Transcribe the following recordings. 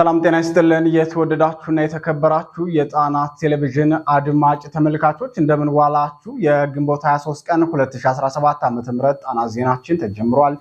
ሰላም ጤና ይስጥልን። የተወደዳችሁና የተከበራችሁ የጣና ቴሌቪዥን አድማጭ ተመልካቾች እንደምን ዋላችሁ። የግንቦት 23 ቀን 2017 ዓ.ም ጣና ዜናችን ተጀምሯል።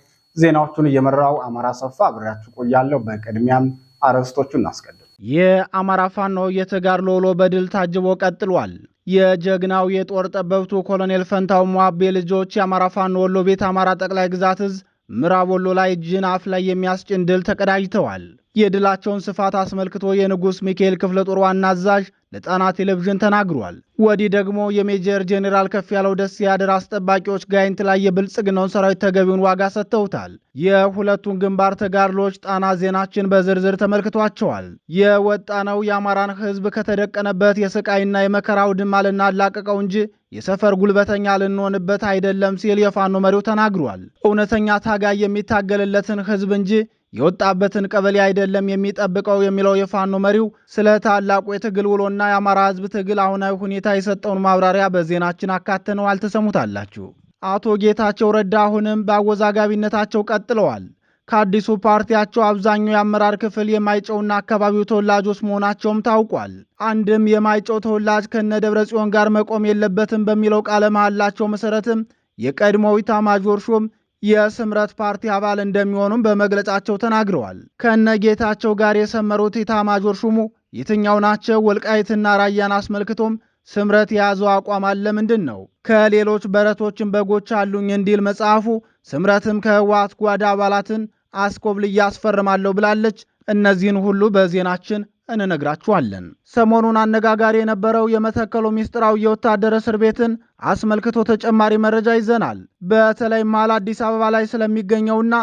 ዜናዎቹን እየመራው አማራ ሰፋ አብሬያችሁ ቆያለሁ። በቅድሚያም አርዕስቶቹ እናስቀድም። የአማራ ፋኖ የተጋድሎ ውሎ በድል ታጅቦ ቀጥሏል። የጀግናው የጦር ጠበብቱ ኮሎኔል ፈንታው ሟቤ ልጆች የአማራ ፋኖ ወሎ ቤት አማራ ጠቅላይ ግዛት እዝ ምዕራብ ወሎ ላይ ጅን አፍ ላይ የሚያስጭን ድል ተቀዳጅተዋል። የድላቸውን ስፋት አስመልክቶ የንጉሥ ሚካኤል ክፍለ ጦር ዋና አዛዥ ለጣና ቴሌቪዥን ተናግሯል። ወዲህ ደግሞ የሜጀር ጄኔራል ከፍ ያለው ደስ የአደር አስጠባቂዎች ጋይንት ላይ የብልጽግናውን ሰራዊት ተገቢውን ዋጋ ሰጥተውታል። የሁለቱን ግንባር ተጋድሎች ጣና ዜናችን በዝርዝር ተመልክቷቸዋል። የወጣነው የአማራን ሕዝብ ከተደቀነበት የስቃይና የመከራ አውድማ ልናላቀቀው እንጂ የሰፈር ጉልበተኛ ልንሆንበት አይደለም ሲል የፋኖ መሪው ተናግሯል። እውነተኛ ታጋይ የሚታገልለትን ሕዝብ እንጂ የወጣበትን ቀበሌ አይደለም የሚጠብቀው የሚለው የፋኖ መሪው ስለ ታላቁ የትግል ውሎና የአማራ ህዝብ ትግል አሁናዊ ሁኔታ የሰጠውን ማብራሪያ በዜናችን አካተነዋል። ትሰሙታላችሁ። አቶ ጌታቸው ረዳ አሁንም በአወዛጋቢነታቸው ቀጥለዋል። ከአዲሱ ፓርቲያቸው አብዛኛው የአመራር ክፍል የማይጨውና አካባቢው ተወላጆች መሆናቸውም ታውቋል። አንድም የማይጨው ተወላጅ ከነ ደብረ ጽዮን ጋር መቆም የለበትም በሚለው ቃለ መሃላቸው መሰረትም የቀድሞው ኢታማዦር ሹም የስምረት ፓርቲ አባል እንደሚሆኑም በመግለጫቸው ተናግረዋል። ከነ ጌታቸው ጋር የሰመሩት ኢታማጆር ሹሙ የትኛው ናቸው? ወልቃይትና ራያን አስመልክቶም ስምረት የያዘው አቋም አለ ምንድን ነው? ከሌሎች በረቶችን በጎች አሉኝ እንዲል መጽሐፉ ስምረትም ከህወሓት ጓዳ አባላትን አስኮብል እያስፈርማለሁ ብላለች። እነዚህን ሁሉ በዜናችን እንነግራችኋለን። ሰሞኑን አነጋጋሪ የነበረው የመተከሉ ሚስጥራዊ የወታደር እስር ቤትን አስመልክቶ ተጨማሪ መረጃ ይዘናል። በተለይ መሃል አዲስ አበባ ላይ ስለሚገኘውና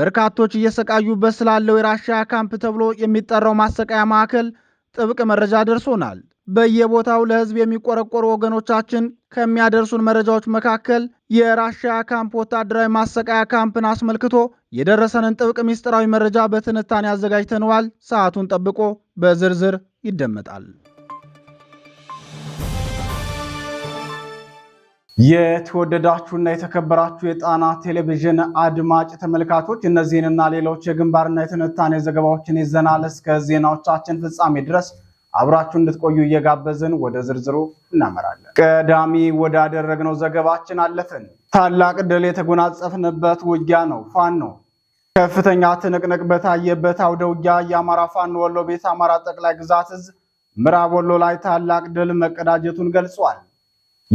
በርካቶች እየሰቃዩበት ስላለው የራሻ ካምፕ ተብሎ የሚጠራው ማሰቃያ ማዕከል ጥብቅ መረጃ ደርሶናል። በየቦታው ለህዝብ የሚቆረቆሩ ወገኖቻችን ከሚያደርሱን መረጃዎች መካከል የራሽያ ካምፕ ወታደራዊ ማሰቃያ ካምፕን አስመልክቶ የደረሰንን ጥብቅ ሚስጥራዊ መረጃ በትንታኔ አዘጋጅተነዋል። ሰዓቱን ጠብቆ በዝርዝር ይደመጣል። የተወደዳችሁና የተከበራችሁ የጣና ቴሌቪዥን አድማጭ ተመልካቾች እነዚህንና ሌሎች የግንባርና የትንታኔ ዘገባዎችን ይዘናል። እስከ ዜናዎቻችን ፍጻሜ ድረስ አብራችሁ እንድትቆዩ እየጋበዝን ወደ ዝርዝሩ እናመራለን። ቀዳሚ ወዳደረግነው ዘገባችን አለፍን። ታላቅ ድል የተጎናጸፍንበት ውጊያ ነው። ፋኖ ከፍተኛ ትንቅንቅ በታየበት አውደ ውጊያ የአማራ ፋኖ ወሎ ቤት አማራ ጠቅላይ ግዛት እዝ ምዕራብ ወሎ ላይ ታላቅ ድል መቀዳጀቱን ገልጿል።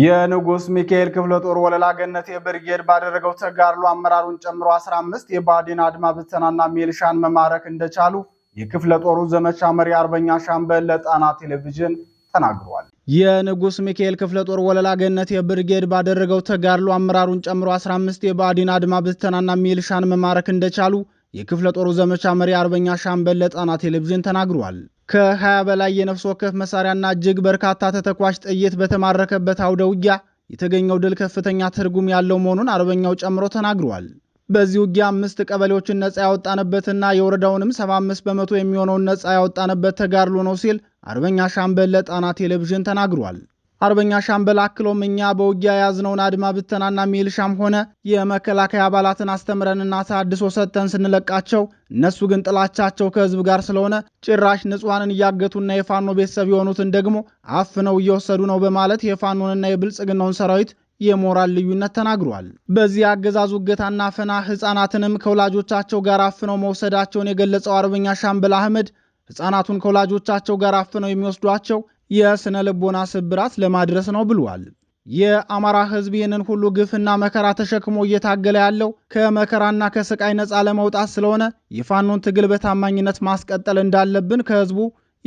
የንጉስ ሚካኤል ክፍለ ጦር ወለላ ገነት የብርጌድ ባደረገው ተጋድሎ አመራሩን ጨምሮ 15 የባዴን አድማ ብተናና ሚልሻን መማረክ እንደቻሉ የክፍለ ጦሩ ዘመቻ መሪ አርበኛ ሻምበል ለጣና ቴሌቪዥን ተናግሯል። የንጉስ ሚካኤል ክፍለ ጦር ወለላ ገነት የብርጌድ ባደረገው ተጋድሎ አመራሩን ጨምሮ 15 የባዲን አድማ ብተናና ሚልሻን መማረክ እንደቻሉ የክፍለ ጦሩ ዘመቻ መሪ አርበኛ ሻምበል ለጣና ቴሌቪዥን ተናግሯል። ከ20 በላይ የነፍስ ወከፍ መሳሪያና እጅግ በርካታ ተተኳሽ ጥይት በተማረከበት አውደ ውጊያ የተገኘው ድል ከፍተኛ ትርጉም ያለው መሆኑን አርበኛው ጨምሮ ተናግሯል። በዚህ ውጊያ አምስት ቀበሌዎችን ነፃ ያወጣንበትና የወረዳውንም 75 በመቶ የሚሆነውን ነፃ ያወጣንበት ተጋድሎ ነው ሲል አርበኛ ሻምበል ለጣና ቴሌቪዥን ተናግሯል። አርበኛ ሻምበል አክሎም እኛ በውጊያ የያዝነውን አድማ ብተናና ሚልሻም ሆነ የመከላከያ አባላትን አስተምረንና ታድሶ ሰጥተን ስንለቃቸው እነሱ ግን ጥላቻቸው ከህዝብ ጋር ስለሆነ ጭራሽ ንጹሐንን እያገቱና የፋኖ ቤተሰብ የሆኑትን ደግሞ አፍነው እየወሰዱ ነው በማለት የፋኖንና የብልጽግናውን ሰራዊት የሞራል ልዩነት ተናግሯል። በዚህ አገዛዙ እገታና ፈና ህፃናትንም ከወላጆቻቸው ጋር አፍነው መውሰዳቸውን የገለጸው አርበኛ ሻምበል አህመድ ህፃናቱን ከወላጆቻቸው ጋር አፍነው የሚወስዷቸው የስነ ልቦና ስብራት ለማድረስ ነው ብሏል። የአማራ ህዝብ ይህንን ሁሉ ግፍና መከራ ተሸክሞ እየታገለ ያለው ከመከራና ከስቃይ ነፃ ለመውጣት ስለሆነ የፋኖን ትግል በታማኝነት ማስቀጠል እንዳለብን ከህዝቡ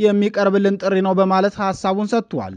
የሚቀርብልን ጥሪ ነው በማለት ሐሳቡን ሰጥቷል።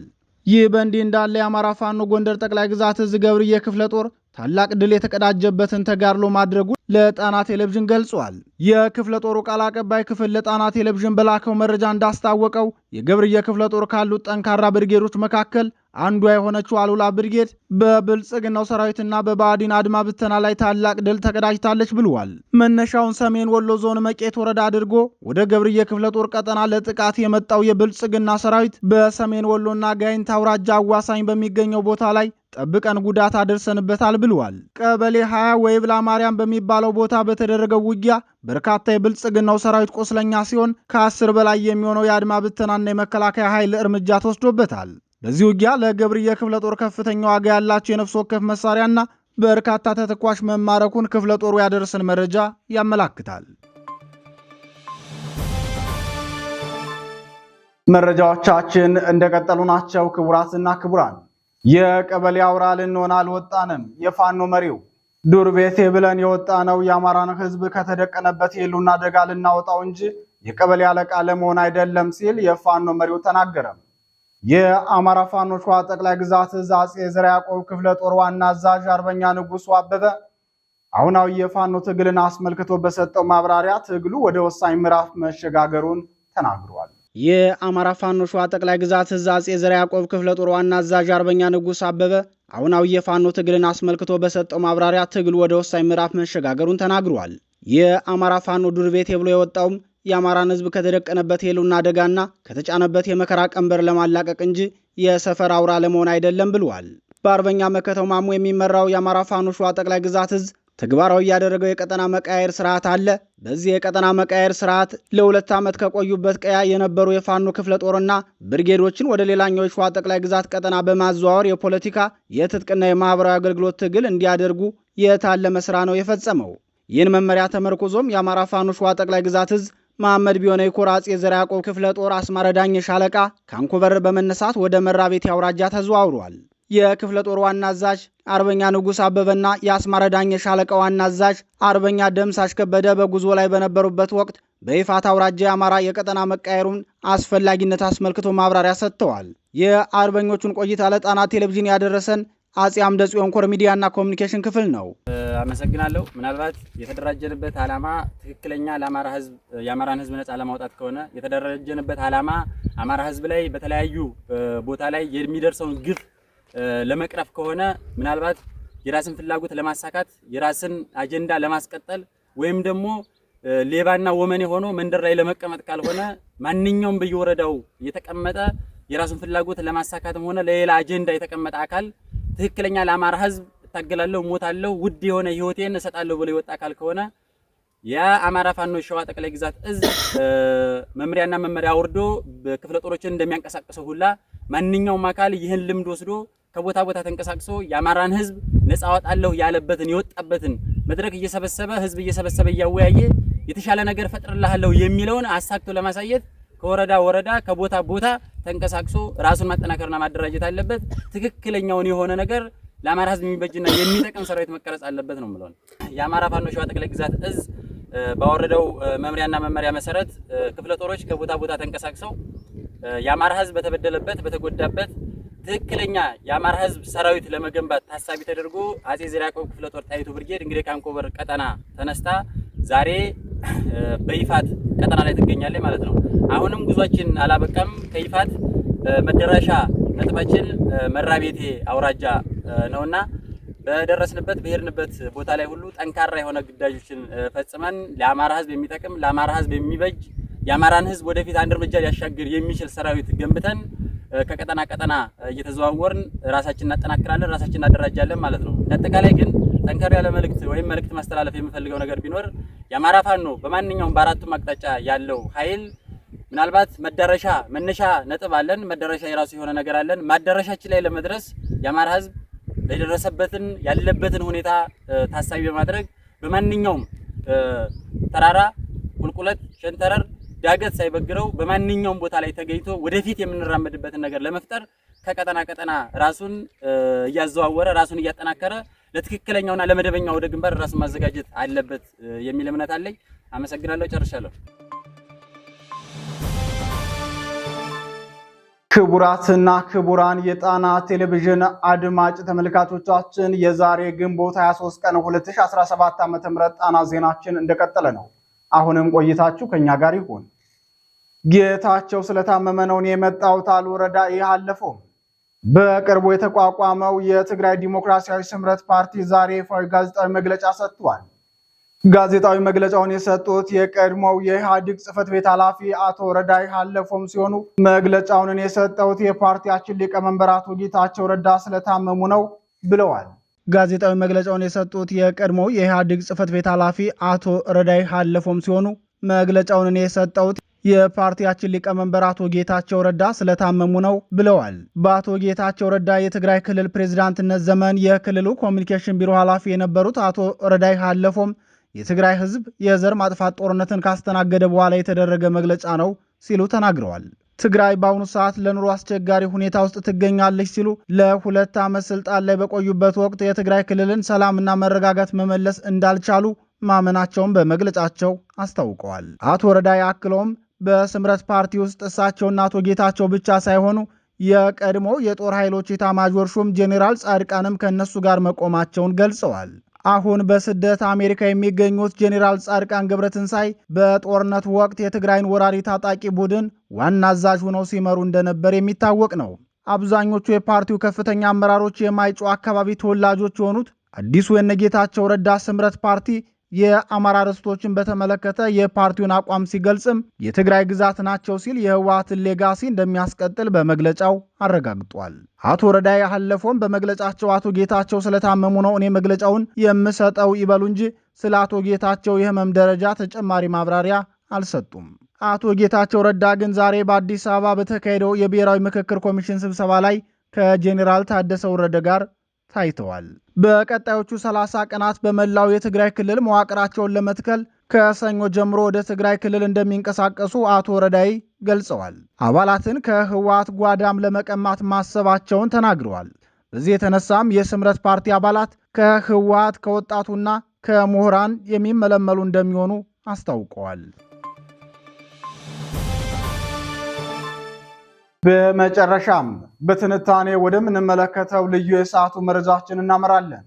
ይህ በእንዲህ እንዳለ የአማራ ፋኖ ጎንደር ጠቅላይ ግዛት እዝ ገብርዬ ክፍለ ጦር ታላቅ ድል የተቀዳጀበትን ተጋድሎ ማድረጉ ለጣና ቴሌቪዥን ገልጿል። የክፍለ ጦሩ ቃል አቀባይ ክፍል ለጣና ቴሌቪዥን በላከው መረጃ እንዳስታወቀው የገብርየ ክፍለ ጦር ካሉት ጠንካራ ብርጌዶች መካከል አንዷ የሆነችው አሉላ ብርጌድ በብልጽግናው ሰራዊትና በባዕዲን አድማ ብተና ላይ ታላቅ ድል ተቀዳጅታለች ብለዋል። መነሻውን ሰሜን ወሎ ዞን መቄት ወረዳ አድርጎ ወደ ገብርየ ክፍለ ጦር ቀጠና ለጥቃት የመጣው የብልጽግና ሰራዊት በሰሜን ወሎና ጋይንት አውራጃ አዋሳኝ በሚገኘው ቦታ ላይ ጠብቀን ጉዳት አደርሰንበታል ብለዋል። ቀበሌ 20 ወይብላ ማርያም በሚባለው ቦታ በተደረገው ውጊያ በርካታ የብልጽግናው ሰራዊት ቆስለኛ ሲሆን ከአስር በላይ የሚሆነው የአድማ ብተናና የመከላከያ ኃይል እርምጃ ተወስዶበታል። በዚህ ውጊያ ለገብርዬ ክፍለ ጦር ከፍተኛ ዋጋ ያላቸው የነፍስ ወከፍ መሳሪያና በርካታ ተተኳሽ መማረኩን ክፍለ ጦሩ ያደረሰን መረጃ ያመላክታል። መረጃዎቻችን እንደቀጠሉ ናቸው። ክቡራትና ክቡራን፣ የቀበሌ አውራ ልንሆን አልወጣንም። የፋኖ መሪው ዱር ቤቴ ብለን የወጣ ነው የአማራን ህዝብ ከተደቀነበት የሉና አደጋ ልናወጣው እንጂ የቀበሌ አለቃ ለመሆን አይደለም ሲል የፋኖ መሪው ተናገረ። የአማራ ፋኖ ሸዋ ጠቅላይ ግዛት እዝ አጼ ዘርዓ ያዕቆብ ክፍለ ጦር ዋና አዛዥ አርበኛ ንጉሱ አበበ አሁናዊ የፋኖ ትግልን አስመልክቶ በሰጠው ማብራሪያ ትግሉ ወደ ወሳኝ ምዕራፍ መሸጋገሩን ተናግሯል። የአማራ ፋኖ ሸዋ ጠቅላይ ግዛት እዝ አጼ ዘርዓ ያዕቆብ ክፍለ ጦር ዋና አዛዥ አርበኛ ንጉስ አበበ አሁናዊ የፋኖ ትግልን አስመልክቶ በሰጠው ማብራሪያ ትግል ወደ ወሳኝ ምዕራፍ መሸጋገሩን ተናግሯል። የአማራ ፋኖ ዱር ቤቴ ብሎ የወጣውም የአማራን ሕዝብ ከተደቀነበት የህልውና አደጋና ከተጫነበት የመከራ ቀንበር ለማላቀቅ እንጂ የሰፈር አውራ ለመሆን አይደለም ብሏል። በአርበኛ መከተው ማሙ የሚመራው የአማራ ፋኖ ሸዋ ጠቅላይ ግዛት እዝ ተግባራዊ ያደረገው የቀጠና መቃየር ስርዓት አለ። በዚህ የቀጠና መቃየር ስርዓት ለሁለት ዓመት ከቆዩበት ቀያ የነበሩ የፋኖ ክፍለ ጦርና ብርጌዶችን ወደ ሌላኛው ሸዋ ጠቅላይ ግዛት ቀጠና በማዘዋወር የፖለቲካ የትጥቅና የማህበራዊ አገልግሎት ትግል እንዲያደርጉ የታለመ ስራ ነው የፈጸመው። ይህን መመሪያ ተመርኮዞም የአማራ ፋኖ ሸዋ ጠቅላይ ግዛት እዝ መሐመድ ቢሆነ የኮር አጼ ዘርዓ ያዕቆብ ክፍለ ጦር አስማረ ዳኘ ሻለቃ ካንኮበር በመነሳት ወደ መራቤት አውራጃ ተዘዋውሯል። የክፍለ ጦር ዋና አዛዥ አርበኛ ንጉሥ አበበና የአስማረ ዳኘ ሻለቃ ዋና አዛዥ አርበኛ ደምሳሽ ከበደ በጉዞ ላይ በነበሩበት ወቅት በይፋት አውራጃ የአማራ የቀጠና መቃየሩን አስፈላጊነት አስመልክቶ ማብራሪያ ሰጥተዋል። የአርበኞቹን ቆይታ ለጣና ቴሌቪዥን ያደረሰን አጼ አምደ ጽዮን ኮር ሚዲያና ኮሚኒኬሽን ክፍል ነው። አመሰግናለሁ። ምናልባት የተደራጀንበት ዓላማ ትክክለኛ ለአማራ ህዝብ የአማራን ህዝብ ነጻ ለማውጣት ከሆነ የተደራጀንበት ዓላማ አማራ ህዝብ ላይ በተለያዩ ቦታ ላይ የሚደርሰውን ግፍ ለመቅረፍ ከሆነ ምናልባት የራስን ፍላጎት ለማሳካት የራስን አጀንዳ ለማስቀጠል ወይም ደግሞ ሌባና ወመኔ ሆኖ መንደር ላይ ለመቀመጥ ካልሆነ ማንኛውም በየወረዳው የተቀመጠ የራሱን ፍላጎት ለማሳካትም ሆነ ለሌላ አጀንዳ የተቀመጠ አካል ትክክለኛ ለአማራ ሕዝብ እታገላለሁ፣ ሞታለሁ፣ ውድ የሆነ ህይወቴን እሰጣለሁ ብሎ የወጣ አካል ከሆነ አማራ ፋኖ ሸዋ ጠቅላይ ግዛት እዝ መምሪያና መመሪያ አውርዶ በክፍለ ጦሮችን እንደሚያንቀሳቅሰው ሁላ ማንኛውም አካል ይህን ልምድ ወስዶ ከቦታ ቦታ ተንቀሳቅሶ የአማራን ህዝብ ነፃ አወጣለሁ ያለበትን የወጣበትን መድረክ እየሰበሰበ ህዝብ እየሰበሰበ እያወያየ የተሻለ ነገር ፈጥርልሃለሁ የሚለውን አሳክቶ ለማሳየት ከወረዳ ወረዳ ከቦታ ቦታ ተንቀሳቅሶ ራሱን ማጠናከርና ማደራጀት አለበት። ትክክለኛውን የሆነ ነገር ለአማራ ህዝብ የሚበጅና የሚጠቅም ሰራዊት መቀረጽ አለበት ነው የምለው። የአማራ ፋኖ ሸዋ ጠቅላይ ግዛት እዝ ባወረደው መምሪያና መመሪያ መሰረት ክፍለ ጦሮች ከቦታ ቦታ ተንቀሳቅሰው የአማራ ህዝብ በተበደለበት በተጎዳበት ትክክለኛ የአማራ ህዝብ ሰራዊት ለመገንባት ታሳቢ ተደርጎ አጼ ዘርዓ ያዕቆብ ክፍለ ጦር ብርጌድ እንግዲህ ከአንኮበር ቀጠና ተነስታ ዛሬ በይፋት ቀጠና ላይ ትገኛለች ማለት ነው። አሁንም ጉዟችን አላበቃም። ከይፋት መደረሻ ነጥባችን መራቤቴ አውራጃ ነውና በደረስንበት በሄድንበት ቦታ ላይ ሁሉ ጠንካራ የሆነ ግዳጆችን ፈጽመን ለአማራ ህዝብ የሚጠቅም ለአማራ ህዝብ የሚበጅ የአማራን ህዝብ ወደፊት አንድ እርምጃ ሊያሻግር የሚችል ሰራዊት ገንብተን ከቀጠና ቀጠና እየተዘዋወርን ራሳችን እናጠናክራለን፣ ራሳችን እናደራጃለን ማለት ነው። ለአጠቃላይ ግን ጠንከር ያለ መልእክት ወይም መልእክት ማስተላለፍ የምፈልገው ነገር ቢኖር የአማራ ፋኖ በማንኛውም በአራቱም አቅጣጫ ያለው ኃይል ምናልባት መዳረሻ መነሻ ነጥብ አለን። መዳረሻ የራሱ የሆነ ነገር አለን። ማዳረሻችን ላይ ለመድረስ የአማራ ህዝብ የደረሰበትን ያለበትን ሁኔታ ታሳቢ በማድረግ በማንኛውም ተራራ፣ ቁልቁለት፣ ሸንተረር ዳገት ሳይበግረው በማንኛውም ቦታ ላይ ተገኝቶ ወደፊት የምንራመድበትን ነገር ለመፍጠር ከቀጠና ቀጠና ራሱን እያዘዋወረ ራሱን እያጠናከረ ለትክክለኛውና ለመደበኛ ወደ ግንባር ራሱን ማዘጋጀት አለበት የሚል እምነት አለኝ። አመሰግናለሁ። ጨርሻለሁ። ክቡራትና ክቡራን የጣና ቴሌቪዥን አድማጭ ተመልካቾቻችን የዛሬ ግንቦት 23 ቀን 2017 ዓ.ም ጣና ዜናችን እንደቀጠለ ነው። አሁንም ቆይታችሁ ከኛ ጋር ይሁን። ጌታቸው ስለታመመ ነው የመጣሁት አሉ ረዳኢ አለፈው። በቅርቡ የተቋቋመው የትግራይ ዲሞክራሲያዊ ስምረት ፓርቲ ዛሬ ይፋዊ ጋዜጣዊ መግለጫ ሰጥቷል። ጋዜጣዊ መግለጫውን የሰጡት የቀድሞው የኢህአዴግ ጽህፈት ቤት ኃላፊ አቶ ረዳይ አለፎም ሲሆኑ መግለጫውን የሰጠሁት የፓርቲያችን ሊቀመንበር አቶ ጌታቸው ረዳ ስለታመሙ ነው ብለዋል። ጋዜጣዊ መግለጫውን የሰጡት የቀድሞው የኢህአዴግ ጽህፈት ቤት ኃላፊ አቶ ረዳኢ አለፎም ሲሆኑ መግለጫውን የሰጠሁት የፓርቲያችን ሊቀመንበር አቶ ጌታቸው ረዳ ስለታመሙ ነው ብለዋል። በአቶ ጌታቸው ረዳ የትግራይ ክልል ፕሬዝዳንትነት ዘመን የክልሉ ኮሚኒኬሽን ቢሮ ኃላፊ የነበሩት አቶ ረዳይ ሀለፎም የትግራይ ህዝብ የዘር ማጥፋት ጦርነትን ካስተናገደ በኋላ የተደረገ መግለጫ ነው ሲሉ ተናግረዋል። ትግራይ በአሁኑ ሰዓት ለኑሮ አስቸጋሪ ሁኔታ ውስጥ ትገኛለች ሲሉ ለሁለት ዓመት ስልጣን ላይ በቆዩበት ወቅት የትግራይ ክልልን ሰላምና መረጋጋት መመለስ እንዳልቻሉ ማመናቸውን በመግለጫቸው አስታውቀዋል። አቶ ረዳይ አክለውም በስምረት ፓርቲ ውስጥ እሳቸውና አቶ ጌታቸው ብቻ ሳይሆኑ የቀድሞው የጦር ኃይሎች ኤታማዦር ሹም ጄኔራል ጻድቃንም ከእነሱ ጋር መቆማቸውን ገልጸዋል። አሁን በስደት አሜሪካ የሚገኙት ጄኔራል ጻድቃን ገብረትንሳይ በጦርነት ወቅት የትግራይን ወራሪ ታጣቂ ቡድን ዋና አዛዥ ሆነው ሲመሩ እንደነበር የሚታወቅ ነው። አብዛኞቹ የፓርቲው ከፍተኛ አመራሮች የማይጮ አካባቢ ተወላጆች የሆኑት አዲሱ የነጌታቸው ረዳ ስምረት ፓርቲ የአማራ ርስቶችን በተመለከተ የፓርቲውን አቋም ሲገልጽም የትግራይ ግዛት ናቸው ሲል የህወሀትን ሌጋሲ እንደሚያስቀጥል በመግለጫው አረጋግጧል። አቶ ረዳይ አለፎም በመግለጫቸው አቶ ጌታቸው ስለታመሙ ነው እኔ መግለጫውን የምሰጠው ይበሉ እንጂ ስለ አቶ ጌታቸው የህመም ደረጃ ተጨማሪ ማብራሪያ አልሰጡም። አቶ ጌታቸው ረዳ ግን ዛሬ በአዲስ አበባ በተካሄደው የብሔራዊ ምክክር ኮሚሽን ስብሰባ ላይ ከጄኔራል ታደሰ ወረደ ጋር ታይተዋል። በቀጣዮቹ 30 ቀናት በመላው የትግራይ ክልል መዋቅራቸውን ለመትከል ከሰኞ ጀምሮ ወደ ትግራይ ክልል እንደሚንቀሳቀሱ አቶ ረዳይ ገልጸዋል። አባላትን ከህወሓት ጓዳም ለመቀማት ማሰባቸውን ተናግረዋል። በዚህ የተነሳም የስምረት ፓርቲ አባላት ከህወሓት ከወጣቱና ከምሁራን የሚመለመሉ እንደሚሆኑ አስታውቀዋል። በመጨረሻም በትንታኔ ወደምንመለከተው ልዩ የሰዓቱ መረጃችን እናመራለን።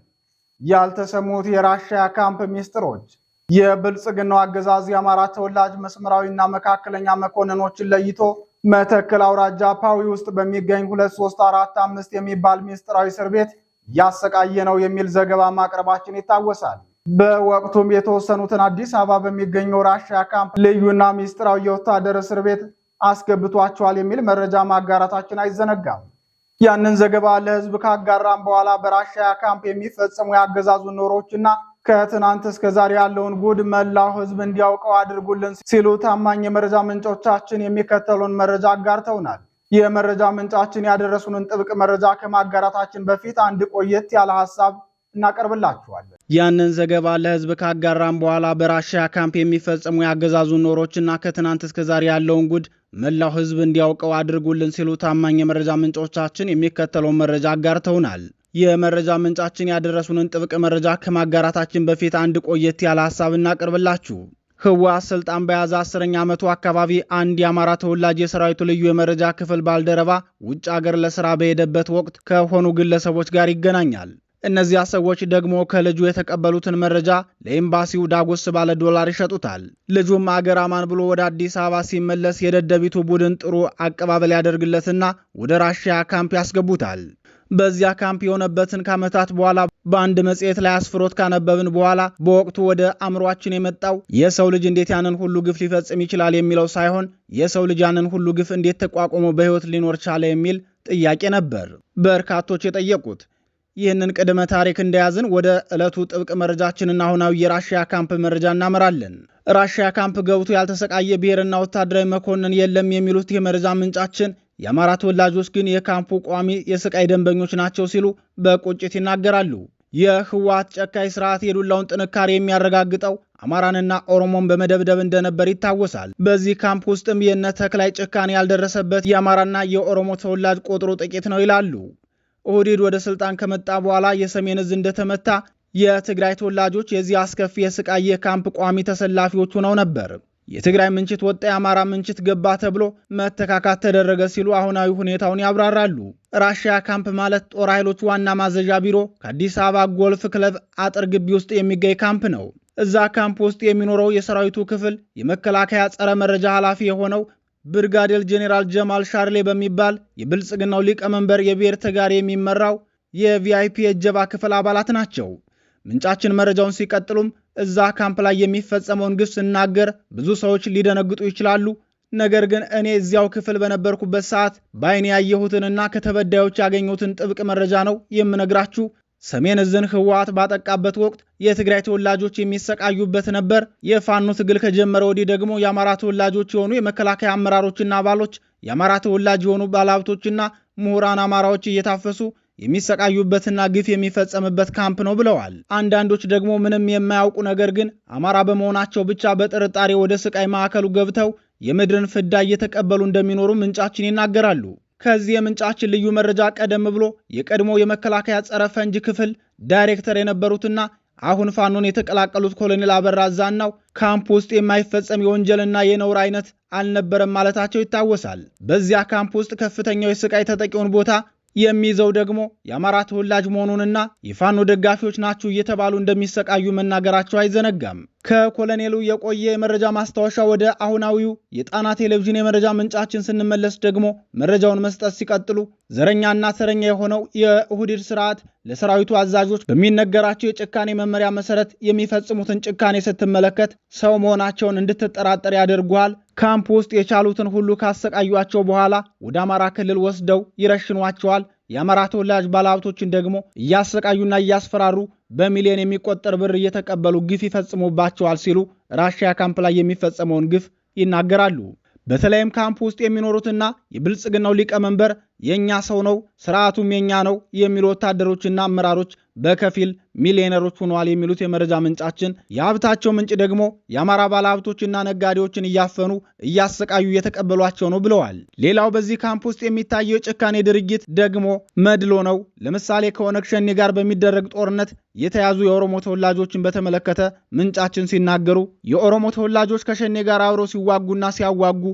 ያልተሰሙት የራሽያ ካምፕ ሚስጥሮች፣ የብልጽግናው አገዛዝ የአማራ ተወላጅ መስመራዊና መካከለኛ መኮንኖችን ለይቶ መተከል አውራጃ ፓዊ ውስጥ በሚገኝ ሁለት ሶስት አራት አምስት የሚባል ሚስጥራዊ እስር ቤት ያሰቃየ ነው የሚል ዘገባ ማቅረባችን ይታወሳል። በወቅቱም የተወሰኑትን አዲስ አበባ በሚገኘው ራሽያ ካምፕ ልዩና ሚስጥራዊ የወታደር እስር ቤት አስገብቷቸዋል የሚል መረጃ ማጋራታችን አይዘነጋም። ያንን ዘገባ ለህዝብ ካጋራም በኋላ በራሻያ ካምፕ የሚፈጸሙ የአገዛዙ ና ከትናንት እስከ ዛሬ ያለውን ጉድ መላው ህዝብ እንዲያውቀው አድርጉልን ሲሉ ታማኝ የመረጃ ምንጮቻችን የሚከተሉን መረጃ አጋርተውናል። የመረጃ ምንጫችን ያደረሱንን ጥብቅ መረጃ ከማጋራታችን በፊት አንድ ቆየት ያለ ሀሳብ እናቀርብላችኋለን። ያንን ዘገባ ለህዝብ ካጋራም በኋላ በራሽያ ካምፕ የሚፈጸሙ የአገዛዙ ኖሮችና ከትናንት እስከ ያለውን ጉድ መላው ህዝብ እንዲያውቀው አድርጉልን ሲሉ ታማኝ የመረጃ ምንጮቻችን የሚከተለውን መረጃ አጋርተውናል። የመረጃ ምንጫችን ያደረሱንን ጥብቅ መረጃ ከማጋራታችን በፊት አንድ ቆየት ያለ ሀሳብ እናቀርብላችሁ። ህወሓት ስልጣን በያዘ አስረኛ ዓመቱ አካባቢ አንድ የአማራ ተወላጅ የሰራዊቱ ልዩ የመረጃ ክፍል ባልደረባ ውጭ አገር ለስራ በሄደበት ወቅት ከሆኑ ግለሰቦች ጋር ይገናኛል። እነዚያ ሰዎች ደግሞ ከልጁ የተቀበሉትን መረጃ ለኤምባሲው ዳጎስ ባለ ዶላር ይሸጡታል። ልጁም አገር አማን ብሎ ወደ አዲስ አበባ ሲመለስ የደደቢቱ ቡድን ጥሩ አቀባበል ያደርግለትና ወደ ራሽያ ካምፕ ያስገቡታል። በዚያ ካምፕ የሆነበትን ከዓመታት በኋላ በአንድ መጽሔት ላይ አስፍሮት ካነበብን በኋላ በወቅቱ ወደ አእምሯችን የመጣው የሰው ልጅ እንዴት ያንን ሁሉ ግፍ ሊፈጽም ይችላል የሚለው ሳይሆን የሰው ልጅ ያንን ሁሉ ግፍ እንዴት ተቋቁሞ በሕይወት ሊኖር ቻለ የሚል ጥያቄ ነበር በርካቶች የጠየቁት። ይህንን ቅድመ ታሪክ እንደያዝን ወደ ዕለቱ ጥብቅ መረጃችንና አሁናዊ የራሽያ ካምፕ መረጃ እናመራለን። ራሽያ ካምፕ ገብቶ ያልተሰቃየ ብሔርና ወታደራዊ መኮንን የለም የሚሉት የመረጃ ምንጫችን የአማራ ተወላጆች ግን የካምፑ ቋሚ የስቃይ ደንበኞች ናቸው ሲሉ በቁጭት ይናገራሉ። የህወሓት ጨካኝ ስርዓት የዱላውን ጥንካሬ የሚያረጋግጠው አማራንና ኦሮሞን በመደብደብ እንደነበር ይታወሳል። በዚህ ካምፕ ውስጥም የነ ተክላይ ጭካኔ ያልደረሰበት የአማራና የኦሮሞ ተወላጅ ቁጥሩ ጥቂት ነው ይላሉ። ኦህዴድ ወደ ስልጣን ከመጣ በኋላ የሰሜን እዝ እንደተመታ የትግራይ ተወላጆች የዚህ አስከፊ የስቃይ የካምፕ ቋሚ ተሰላፊዎች ሆነው ነበር። የትግራይ ምንችት ወጣ፣ የአማራ ምንችት ገባ ተብሎ መተካካት ተደረገ ሲሉ አሁናዊ ሁኔታውን ያብራራሉ። ራሽያ ካምፕ ማለት ጦር ኃይሎች ዋና ማዘዣ ቢሮ ከአዲስ አበባ ጎልፍ ክለብ አጥር ግቢ ውስጥ የሚገኝ ካምፕ ነው። እዛ ካምፕ ውስጥ የሚኖረው የሰራዊቱ ክፍል የመከላከያ ጸረ መረጃ ኃላፊ የሆነው ብርጋዴር ጄኔራል ጀማል ሻርሌ በሚባል የብልጽግናው ሊቀመንበር የብሔር ተጋሪ የሚመራው የቪአይፒ የእጀባ ክፍል አባላት ናቸው። ምንጫችን መረጃውን ሲቀጥሉም እዛ ካምፕ ላይ የሚፈጸመውን ግፍ ስናገር ብዙ ሰዎች ሊደነግጡ ይችላሉ። ነገር ግን እኔ እዚያው ክፍል በነበርኩበት ሰዓት በአይኔ ያየሁትንና ከተበዳዮች ያገኘሁትን ጥብቅ መረጃ ነው የምነግራችሁ። ሰሜን እዝን ህወሓት ባጠቃበት ወቅት የትግራይ ተወላጆች የሚሰቃዩበት ነበር። የፋኖ ትግል ከጀመረ ወዲህ ደግሞ የአማራ ተወላጆች የሆኑ የመከላከያ አመራሮችና አባሎች፣ የአማራ ተወላጅ የሆኑ ባለሀብቶችና ምሁራን አማራዎች እየታፈሱ የሚሰቃዩበትና ግፍ የሚፈጸምበት ካምፕ ነው ብለዋል። አንዳንዶች ደግሞ ምንም የማያውቁ ነገር ግን አማራ በመሆናቸው ብቻ በጥርጣሬ ወደ ስቃይ ማዕከሉ ገብተው የምድርን ፍዳ እየተቀበሉ እንደሚኖሩ ምንጫችን ይናገራሉ። ከዚህ የምንጫችን ልዩ መረጃ ቀደም ብሎ የቀድሞ የመከላከያ ጸረ ፈንጅ ክፍል ዳይሬክተር የነበሩትና አሁን ፋኖን የተቀላቀሉት ኮሎኔል አበራ ዛናው ካምፕ ውስጥ የማይፈጸም የወንጀልና የነውር አይነት አልነበረም ማለታቸው ይታወሳል። በዚያ ካምፕ ውስጥ ከፍተኛው የስቃይ ተጠቂውን ቦታ የሚይዘው ደግሞ የአማራ ተወላጅ መሆኑንና የፋኖ ደጋፊዎች ናችሁ እየተባሉ እንደሚሰቃዩ መናገራቸው አይዘነጋም። ከኮሎኔሉ የቆየ የመረጃ ማስታወሻ ወደ አሁናዊው የጣና ቴሌቪዥን የመረጃ ምንጫችን ስንመለስ ደግሞ መረጃውን መስጠት ሲቀጥሉ ዘረኛና ሰረኛ የሆነው የእሁድድ ስርዓት ለሰራዊቱ አዛዦች በሚነገራቸው የጭካኔ መመሪያ መሰረት የሚፈጽሙትን ጭካኔ ስትመለከት ሰው መሆናቸውን እንድትጠራጠር ያደርጓል። ካምፕ ውስጥ የቻሉትን ሁሉ ካሰቃዩቸው በኋላ ወደ አማራ ክልል ወስደው ይረሽኗቸዋል። የአማራ ተወላጅ ባለሀብቶችን ደግሞ እያሰቃዩና እያስፈራሩ በሚሊዮን የሚቆጠር ብር እየተቀበሉ ግፍ ይፈጽሙባቸዋል ሲሉ ራሽያ ካምፕ ላይ የሚፈጸመውን ግፍ ይናገራሉ። በተለይም ካምፕ ውስጥ የሚኖሩትና የብልጽግናው ሊቀመንበር የእኛ ሰው ነው፣ ስርዓቱም የእኛ ነው የሚሉ ወታደሮችና አመራሮች በከፊል ሚሊዮነሮች ሆነዋል የሚሉት የመረጃ ምንጫችን፣ የሀብታቸው ምንጭ ደግሞ የአማራ ባለሀብቶችና ነጋዴዎችን እያፈኑ እያሰቃዩ እየተቀበሏቸው ነው ብለዋል። ሌላው በዚህ ካምፕ ውስጥ የሚታየው የጭካኔ ድርጊት ደግሞ መድሎ ነው። ለምሳሌ ከኦነግ ሸኔ ጋር በሚደረግ ጦርነት የተያዙ የኦሮሞ ተወላጆችን በተመለከተ ምንጫችን ሲናገሩ የኦሮሞ ተወላጆች ከሸኔ ጋር አብረው ሲዋጉና ሲያዋጉ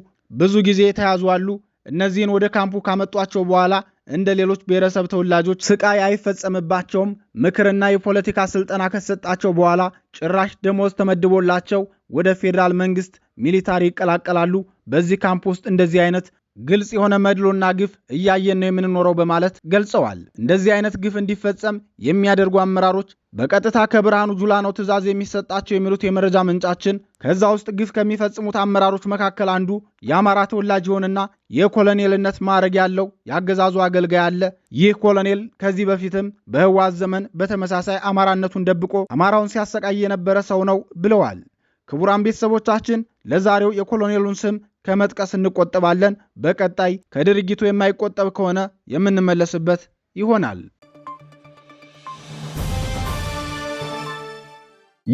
ብዙ ጊዜ የተያዙ አሉ። እነዚህን ወደ ካምፑ ካመጧቸው በኋላ እንደ ሌሎች ብሔረሰብ ተወላጆች ስቃይ አይፈጸምባቸውም። ምክርና የፖለቲካ ስልጠና ከሰጣቸው በኋላ ጭራሽ ደሞዝ ተመድቦላቸው ወደ ፌዴራል መንግስት ሚሊታሪ ይቀላቀላሉ። በዚህ ካምፕ ውስጥ እንደዚህ አይነት ግልጽ የሆነ መድሎና ግፍ እያየን ነው የምንኖረው በማለት ገልጸዋል። እንደዚህ አይነት ግፍ እንዲፈጸም የሚያደርጉ አመራሮች በቀጥታ ከብርሃኑ ጁላ ነው ትዕዛዝ የሚሰጣቸው የሚሉት የመረጃ ምንጫችን፣ ከዛ ውስጥ ግፍ ከሚፈጽሙት አመራሮች መካከል አንዱ የአማራ ተወላጅ የሆነና የኮሎኔልነት ማዕረግ ያለው የአገዛዙ አገልጋይ አለ። ይህ ኮሎኔል ከዚህ በፊትም በህወሓት ዘመን በተመሳሳይ አማራነቱን ደብቆ አማራውን ሲያሰቃይ የነበረ ሰው ነው ብለዋል። ክቡራን ቤተሰቦቻችን ለዛሬው የኮሎኔሉን ስም ከመጥቀስ እንቆጠባለን። በቀጣይ ከድርጊቱ የማይቆጠብ ከሆነ የምንመለስበት ይሆናል።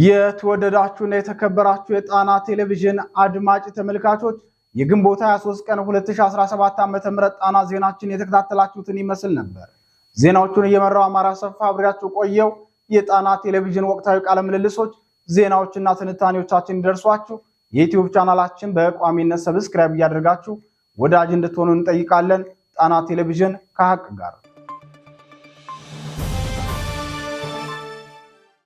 የተወደዳችሁና የተከበራችሁ የጣና ቴሌቪዥን አድማጭ ተመልካቾች የግንቦት 23 ቀን 2017 ዓ.ም ጣና ዜናችን የተከታተላችሁትን ይመስል ነበር። ዜናዎቹን እየመራው አማራ ሰፋ አብሬያችሁ ቆየው። የጣና ቴሌቪዥን ወቅታዊ ቃለ ምልልሶች፣ ዜናዎችና ትንታኔዎቻችን ይደርሷችሁ የዩቲዩብ ቻናላችን በቋሚነት ሰብስክራይብ እያደረጋችሁ ወዳጅ እንድትሆኑ እንጠይቃለን። ጣና ቴሌቪዥን ከሀቅ ጋር